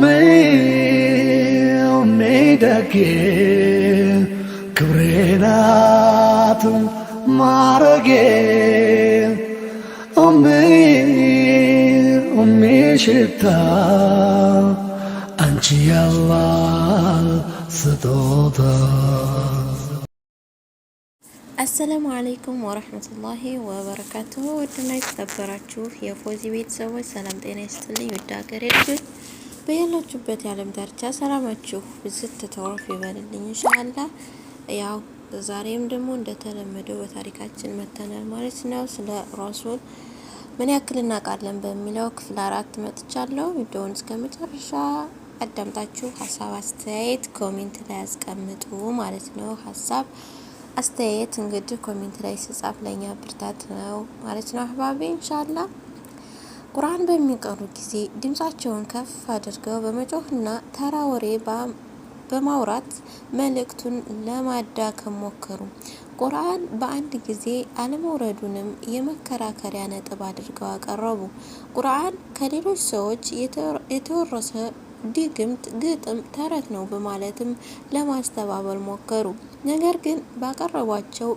ሜሜደጌ ክብሬናት ማረጌ ሽታ አንቺ ያላህ ስጦታ። አሰላሙ አለይኩም ወረህመቱላሂ ወበረካቱሁ። ውድና የተከበራችሁ የፎዚ ቤተሰቦች ሰላም ጤና ይስጥልኝ። ውድ ሀገሬ ልጆች በያላችሁበት የዓለም ዳርቻ ሰላማችሁ ብዝት ተተወፍ ይበልልኝ እንሻላ። ያው ዛሬም ደግሞ እንደተለመደው በታሪካችን መተናል ማለት ነው። ስለ ረሱል ምን ያክል እናውቃለን በሚለው ክፍል አራት መጥቻለሁ። ቪዲዮውን እስከ መጨረሻ አዳምጣችሁ ሀሳብ አስተያየት ኮሜንት ላይ ያስቀምጡ ማለት ነው። ሀሳብ አስተያየት እንግዲህ ኮሜንት ላይ ስጻፍ ለእኛ ብርታት ነው ማለት ነው። አህባቤ እንሻላ ቁርአን በሚቀሩ ጊዜ ድምፃቸውን ከፍ አድርገው በመጮህና ተራ ወሬ በማውራት መልእክቱን ለማዳከም ሞከሩ። ቁርአን በአንድ ጊዜ አለመውረዱንም የመከራከሪያ ነጥብ አድርገው አቀረቡ። ቁርአን ከሌሎች ሰዎች የተወረሰ ድግምት፣ ግጥም፣ ተረት ነው በማለትም ለማስተባበል ሞከሩ። ነገር ግን ባቀረቧቸው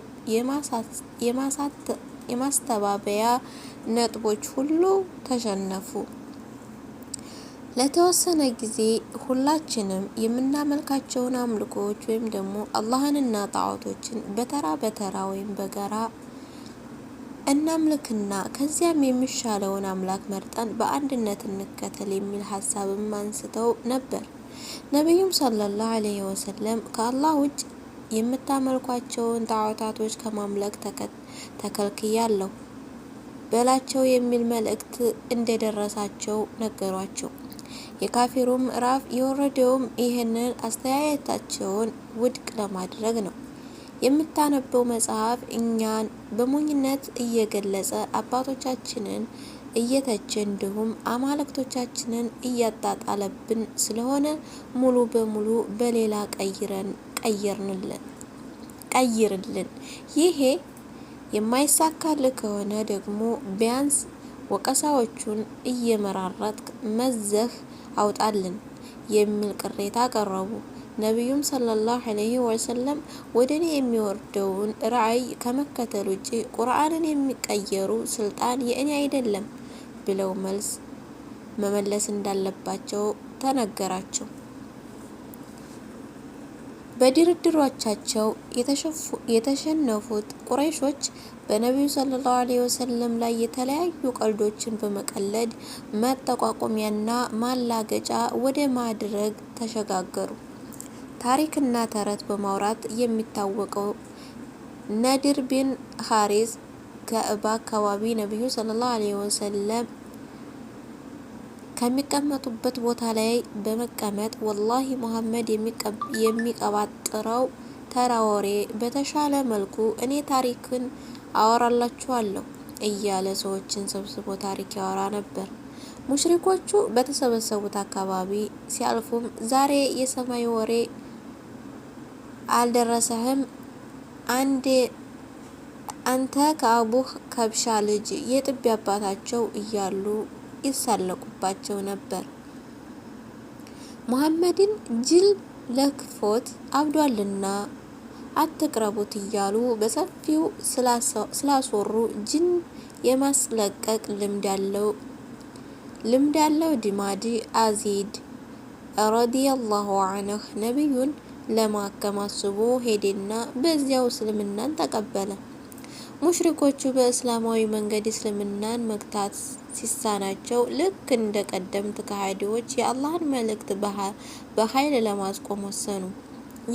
የማስተባበያ ነጥቦች ሁሉ ተሸነፉ። ለተወሰነ ጊዜ ሁላችንም የምናመልካቸውን አምልኮዎች ወይም ደግሞ አላህንና ጣዖቶችን በተራ በተራ ወይም በጋራ እናምልክና ከዚያም የሚሻለውን አምላክ መርጠን በአንድነት እንከተል የሚል ሀሳብም አንስተው ነበር። ነቢዩም ሰለላሁ ዐለይሂ ወሰለም ከአላህ ውጭ የምታመልኳቸውን ጣዖታቶች ከማምለክ ተከት ተከልክያለሁ በላቸው የሚል መልእክት እንደደረሳቸው ነገሯቸው። የካፊሩ ምዕራፍ የወረደውም ይህንን አስተያየታቸውን ውድቅ ለማድረግ ነው። የምታነበው መጽሐፍ እኛን በሞኝነት እየገለጸ አባቶቻችንን እየተቸ እንዲሁም አማልክቶቻችንን እያጣጣለብን ስለሆነ ሙሉ በሙሉ በሌላ ቀይረን ቀይርንልን ቀይርልን ይሄ የማይሳካልህ ከሆነ ደግሞ ቢያንስ ወቀሳዎቹን እየመራረጥ መዘህ አውጣልን የሚል ቅሬታ ቀረቡ። ነቢዩም ሰለላሁ ዐለይሂ ወሰለም ወደ እኔ የሚወርደውን ራእይ ከመከተል ውጪ ቁርአንን የሚቀየሩ ስልጣን የእኔ አይደለም ብለው መልስ መመለስ እንዳለባቸው ተነገራቸው። በድርድሮቻቸው የተሸነፉት ቁረይሾች በነቢዩ ሰለላሁ ዐለይሂ ወሰለም ላይ የተለያዩ ቀልዶችን በመቀለድ መጠቋቆሚያና ማላገጫ ወደ ማድረግ ተሸጋገሩ። ታሪክና ተረት በማውራት የሚታወቀው ነድር ቢን ሐሪስ ከእባ አካባቢ ነቢዩ ሰለላሁ ዐለይሂ ወሰለም ከሚቀመጡበት ቦታ ላይ በመቀመጥ ወላሂ ሙሐመድ የሚቀባጥረው ተራ ወሬ በተሻለ መልኩ እኔ ታሪክን አወራላችኋለሁ እያለ ሰዎችን ሰብስቦ ታሪክ ያወራ ነበር። ሙሽሪኮቹ በተሰበሰቡት አካባቢ ሲያልፉም ዛሬ የሰማይ ወሬ አልደረሰህም? አንዴ አንተ ከአቡ ከብሻ ልጅ የጥቢ አባታቸው እያሉ ይሳለቁባቸው ነበር። መሐመድን ጅል ለክፎት አብዷልና አትቅረቡት እያሉ በሰፊው ስላስወሩ ጅን የማስለቀቅ ልምድ ያለው ልምድ ያለው ዲማዲ አዚድ ረዲየላሁ አንህ ነቢዩን ለማከም አስቦ ሄደና በዚያው እስልምናን ተቀበለ። ሙሽሪኮቹ በእስላማዊ መንገድ እስልምናን መግታት ሲሳናቸው ልክ እንደ ቀደምት ከሃዲዎች የአላህን መልእክት በኃይል ለማስቆም ወሰኑ።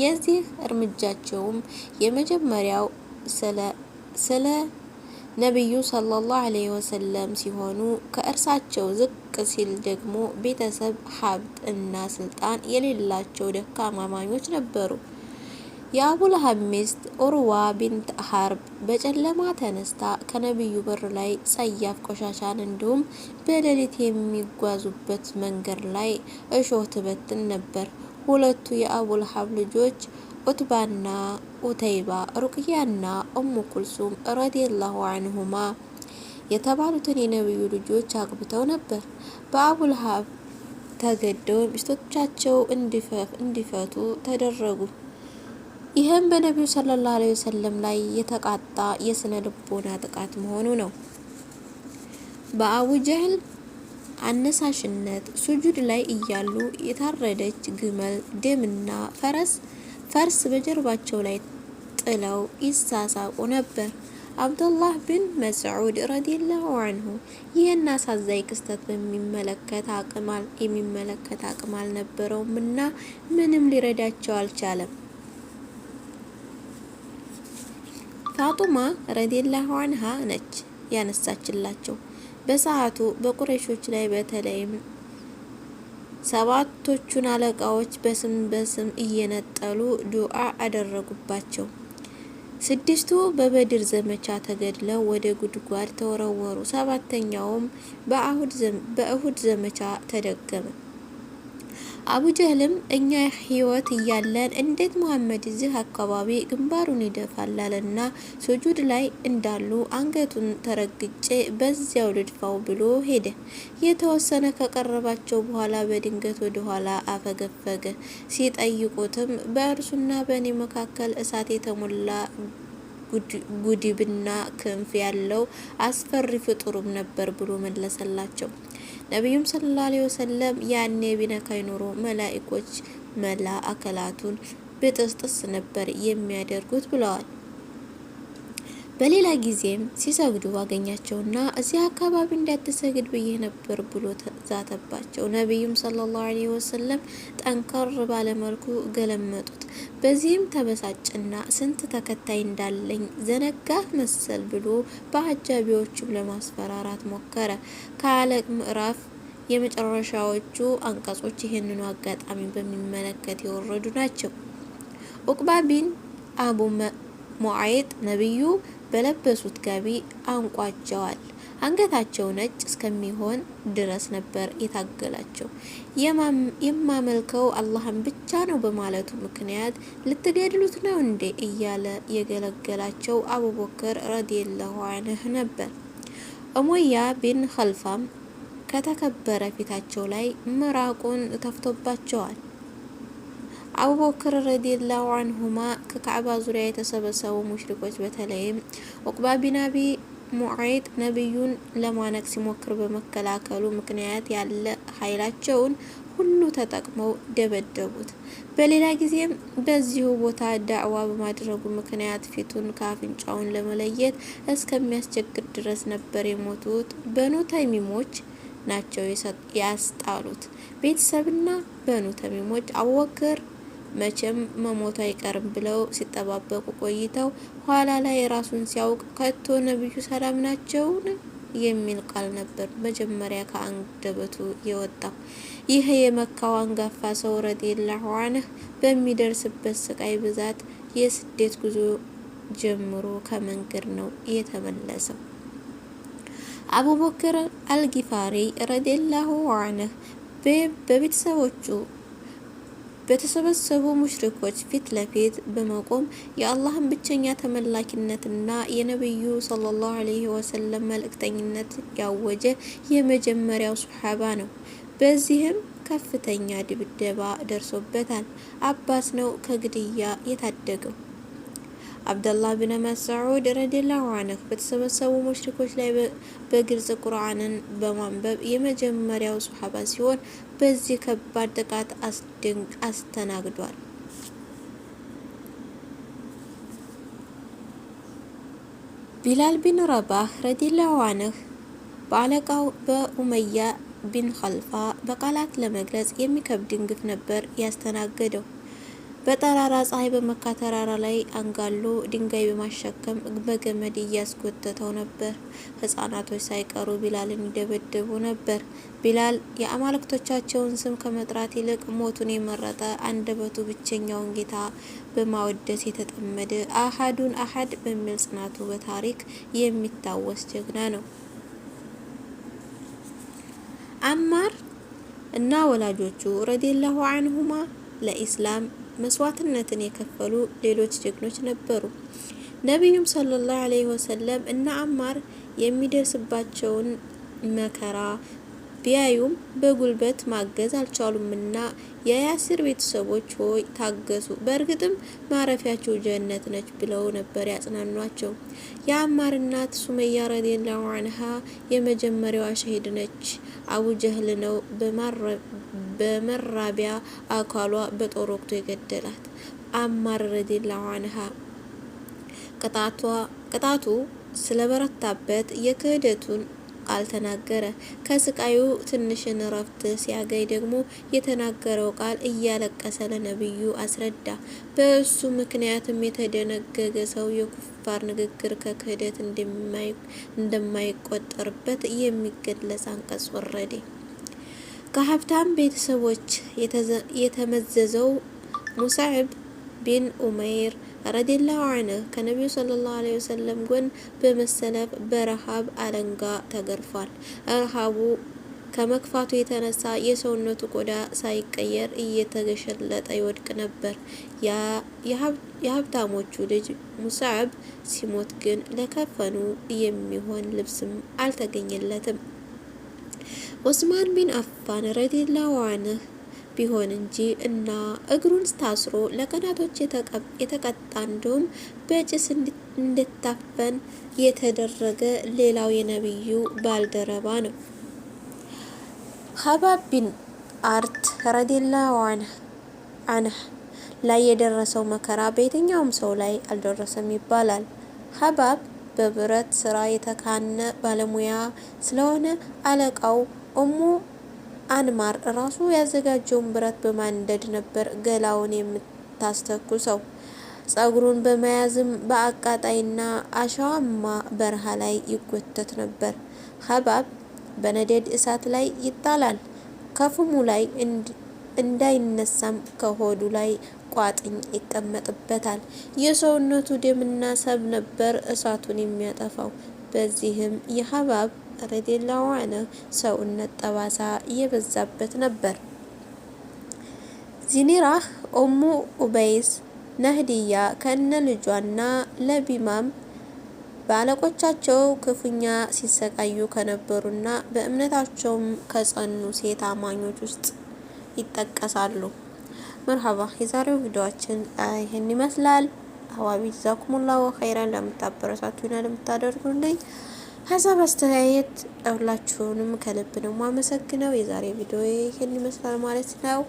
የዚህ እርምጃቸውም የመጀመሪያው ስለ ነቢዩ ሰለላሁ ዐለይሂ ወሰለም ሲሆኑ ከእርሳቸው ዝቅ ሲል ደግሞ ቤተሰብ፣ ሀብት እና ስልጣን የሌላቸው ደካማ አማኞች ነበሩ። የአቡልሀብ ሚስት ኡርዋ ቢንት ሀርብ በጨለማ ተነስታ ከነቢዩ በር ላይ ጸያፍ ቆሻሻን እንዲሁም በሌሊት የሚጓዙበት መንገድ ላይ እሾህ ትበትን ነበር። ሁለቱ የአቡልሀብ ልጆች ኡትባና ኡተይባ፣ ሩቅያና ኡሙ ኩልሱም ረዲየላሁ አንሁማ የተባሉትን የነቢዩ ልጆች አግብተው ነበር። በአቡልሀብ ተገደው ሚስቶቻቸው እንዲፈቱ ተደረጉ። ይህም በነቢዩ ሰለላሁ ዐለይሂ ወሰለም ላይ የተቃጣ የስነ ልቦና ጥቃት መሆኑ ነው። በአቡ ጀህል አነሳሽነት ሱጁድ ላይ እያሉ የታረደች ግመል ደምና ፈረስ ፈርስ በጀርባቸው ላይ ጥለው ይሳሳቁ ነበር። አብዱላህ ብን መስዑድ ረዲየላሁ አንሁ ይህን አሳዛኝ ክስተት በሚመለከት አቅም የሚመለከት አቅም አልነበረውም እና ምንም ሊረዳቸው አልቻለም። ፋጡማ ረዲየላሁ አንሃ ነች ያነሳችላቸው። በሰዓቱ በቁረይሾች ላይ በተለይም ሰባቶቹን አለቃዎች በስም በስም እየነጠሉ ዱዓ አደረጉባቸው። ስድስቱ በበድር ዘመቻ ተገድለው ወደ ጉድጓድ ተወረወሩ። ሰባተኛውም በአሁድ በእሁድ ዘመቻ ተደገመ። አቡጀህልም እኛ ህይወት እያለን እንዴት መሐመድ እዚህ አካባቢ ግንባሩን ይደፋላልና ሱጁድ ላይ እንዳሉ አንገቱን ተረግጬ በዚያው ልድፋው ብሎ ሄደ። የተወሰነ ከቀረባቸው በኋላ በድንገት ወደ ኋላ አፈገፈገ። ሲጠይቁትም በእርሱና በእኔ መካከል እሳት የተሞላ ጉድብና ክንፍ ያለው አስፈሪ ፍጡሩም ነበር ብሎ መለሰላቸው። ነቢዩም ሰለላሁ ዐለይሂ ወሰለም ያኔ ቢነካይ ኑሮ መላኢኮች መላ አካላቱን ብጥስጥስ ነበር የሚያደርጉት ብለዋል። በሌላ ጊዜም ሲሰግዱ አገኛቸውና እዚህ አካባቢ እንዳትሰግድ ብዬ ነበር ብሎ ዛተባቸው። ነቢዩም ሰለላሁ ዐለይሂ ወሰለም ጠንከር ባለመልኩ ገለመጡት። በዚህም ተበሳጭና ስንት ተከታይ እንዳለኝ ዘነጋህ መሰል ብሎ በአጃቢዎቹም ለማስፈራራት ሞከረ። ካለ ምዕራፍ የመጨረሻዎቹ አንቀጾች ይህንኑ አጋጣሚ በሚመለከት የወረዱ ናቸው። ኡቅባ ቢን አቡ ሙዓይጥ ነቢዩ በለበሱት ጋቢ አንቋቸዋል። አንገታቸው ነጭ እስከሚሆን ድረስ ነበር የታገላቸው። የማመልከው አላህን ብቻ ነው በማለቱ ምክንያት ልትገድሉት ነው እንዴ እያለ የገለገላቸው አቡበከር ረዲየላሁ አንህ ነበር። ኡመያ ቢን ኸልፋም ከተከበረ ፊታቸው ላይ ምራቁን ተፍቶባቸዋል። አቡበክር ረዲላሁ አንሁማ ከካዕባ ዙሪያ የተሰበሰቡ ሙሽሪኮች በተለይም ዑቅባ ቢን አቢ ሙዐይጥ ነቢዩን ለማነቅ ሲሞክር በመከላከሉ ምክንያት ያለ ኃይላቸውን ሁሉ ተጠቅመው ደበደቡት። በሌላ ጊዜም በዚሁ ቦታ ዳዕዋ በማድረጉ ምክንያት ፊቱን ከአፍንጫውን ለመለየት እስከሚያስቸግር ድረስ ነበር የሞቱት በኑ ተሚሞች ናቸው ያስጣሉት። ቤተሰብና በኑ ተሚሞች አቡበክር መቼም መሞቱ አይቀርም ብለው ሲጠባበቁ ቆይተው ኋላ ላይ ራሱን ሲያውቅ ከቶ ነብዩ ሰላም ናቸውን የሚል ቃል ነበር መጀመሪያ ከአንደበቱ የወጣው። ይህ የመካው አንጋፋ ሰው ረዲየላሁ ዐንህ በሚደርስበት ስቃይ ብዛት የስደት ጉዞ ጀምሮ ከመንገድ ነው የተመለሰው። አቡበክር አልጊፋሪ ረዲየላሁ ዐንህ በቤተሰቦቹ በተሰበሰቡ ሙሽሪኮች ፊት ለፊት በመቆም የአላህን ብቸኛ ተመላኪነትና የነቢዩ ሰለላሁ ዐለይሂ ወሰለም መልእክተኝነት ያወጀ የመጀመሪያው ሱሐባ ነው። በዚህም ከፍተኛ ድብደባ ደርሶበታል። አባስ ነው ከግድያ የታደገው። አብደላህ ብን መስዑድ ረዲላሁ አንሁ በተሰበሰቡ ሙሽሪኮች ላይ በግልጽ ቁርአንን በማንበብ የመጀመሪያው ሱሐባ ሲሆን በዚህ ከባድ ጥቃት አስደንቅ አስተናግዷል። ቢላል ቢን ረባህ ረዲላሁ አንህ በአለቃው በኡመያ ቢን ኸልፋ በቃላት ለመግለጽ የሚከብድ ግፍ ነበር ያስተናገደው። በጠራራ ፀሐይ በመካ ተራራ ላይ አንጋሎ ድንጋይ በማሸከም በገመድ እያስጎተተው ነበር። ህጻናቶች ሳይቀሩ ቢላልን ይደበደቡ ነበር። ቢላል የአማልክቶቻቸውን ስም ከመጥራት ይልቅ ሞቱን የመረጠ አንደበቱ ብቸኛውን ጌታ በማወደስ የተጠመደ አሃዱን አሃድ በሚል ጽናቱ በታሪክ የሚታወስ ጀግና ነው። አማር እና ወላጆቹ ረዲየላሁ አንሁማ ለኢስላም መስዋዕትነትን የከፈሉ ሌሎች ጀግኖች ነበሩ። ነቢዩም ሰለላሁ ዐለይሂ ወሰለም እና አማር የሚደርስባቸውን መከራ ቢያዩም በጉልበት ማገዝ አልቻሉምና የያሲር ቤተሰቦች ሆይ ታገሱ፣ በእርግጥም ማረፊያቸው ጀነት ነች ብለው ነበር ያጽናኗቸው። የአማር እናት ሱመያ ረዲየላሁ አንሃ የመጀመሪያዋ ሸሂድ ነች። አቡ ጀህል ነው በመራቢያ አካሏ በጦር ወቅቶ የገደላት አማር ረዲየላሁ አንሃ ቅጣቱ ስለበረታበት የክህደቱን ቃል ተናገረ። ከስቃዩ ትንሽን እረፍት ሲያገኝ ደግሞ የተናገረው ቃል እያለቀሰ ለነብዩ አስረዳ። በእሱ ምክንያትም የተደነገገ ሰው የኩፋር ንግግር ከክህደት እንደማይቆጠርበት የሚገለጽ አንቀጽ ወረዴ። ከሀብታም ቤተሰቦች የተመዘዘው ሙሳዕብ ቢን ኡመይር ረዲላሁ አንሁ ከነቢዩ ሰለላሁ ዓለይሂ ወሰለም ጎን በመሰለፍ በረሃብ አለንጋ ተገርፏል። ረሃቡ ከመክፋቱ የተነሳ የሰውነቱ ቆዳ ሳይቀየር እየተገሸለጠ ይወድቅ ነበር። የሀብታሞቹ ልጅ ሙሳዕብ ሲሞት ግን ለከፈኑ የሚሆን ልብስም አልተገኘለትም። ኦስማን ቢን አፋን ረዲየላሁ ዐንሁ ቢሆን እንጂ እና እግሩን ታስሮ ለቀናቶች የተቀጣ እንዲሁም በጭስ እንድታፈን የተደረገ ሌላው የነቢዩ ባልደረባ ነው። ሀባብ ቢን አርት ረዲየላሁ ዐንሁ ላይ የደረሰው መከራ በየትኛውም ሰው ላይ አልደረሰም ይባላል። ሀባብ በብረት ስራ የተካነ ባለሙያ ስለሆነ አለቃው እሙ አንማር ራሱ ያዘጋጀውን ብረት በማንደድ ነበር ገላውን የምታስተኩሰው። ጸጉሩን በመያዝም በአቃጣይና አሸዋማ በረሃ ላይ ይጎተት ነበር። ሀባብ በነደድ እሳት ላይ ይጣላል። ከፍሙ ላይ እንዳይነሳም ከሆዱ ላይ ቋጥኝ ይቀመጥበታል። የሰውነቱ ደምና ሰብ ነበር እሳቱን የሚያጠፋው። በዚህም የሀባብ ረዲየላሁ ዐንሁ ሰውነት ጠባሳ የበዛበት ነበር። ዚኒራህ ኦሙ ኡበይስ ነህድያ ከነ ልጇና ለቢማም በአለቆቻቸው ክፉኛ ሲሰቃዩ ከነበሩና በእምነታቸውም ከጸኑ ሴት አማኞች ውስጥ ይጠቀሳሉ። መርሀባ የዛሬው ቪዲዮችን ይህን ይመስላል። አዋቢ ጀዛኩሙላሁ ኸይረን ለምታበረታቱና ለምታደርጉልኝ ሀሳብ አስተያየት ሁላችሁንም ከልብ ነው የማመሰግነው። የዛሬ ቪዲዮ ይህን ይመስላል ማለት ነው።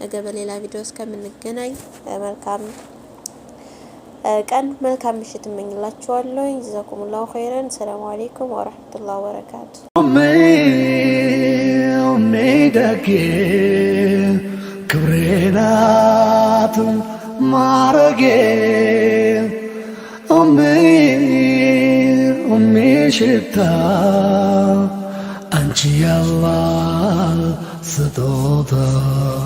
ነገ በሌላ ቪዲዮ እስከምንገናኝ መልካም ቀን መልካም ምሽት እመኝላችኋለሁ። ጀዛኩሙላሁ ኸይረን። ሰላሙ አሌይኩም ወራህመቱላሂ ወበረካቱ ደጌ ክብሬ ናት ማረጌ ኦሚ ኦሚ ሽታ አንቺ ያላ ስጦታ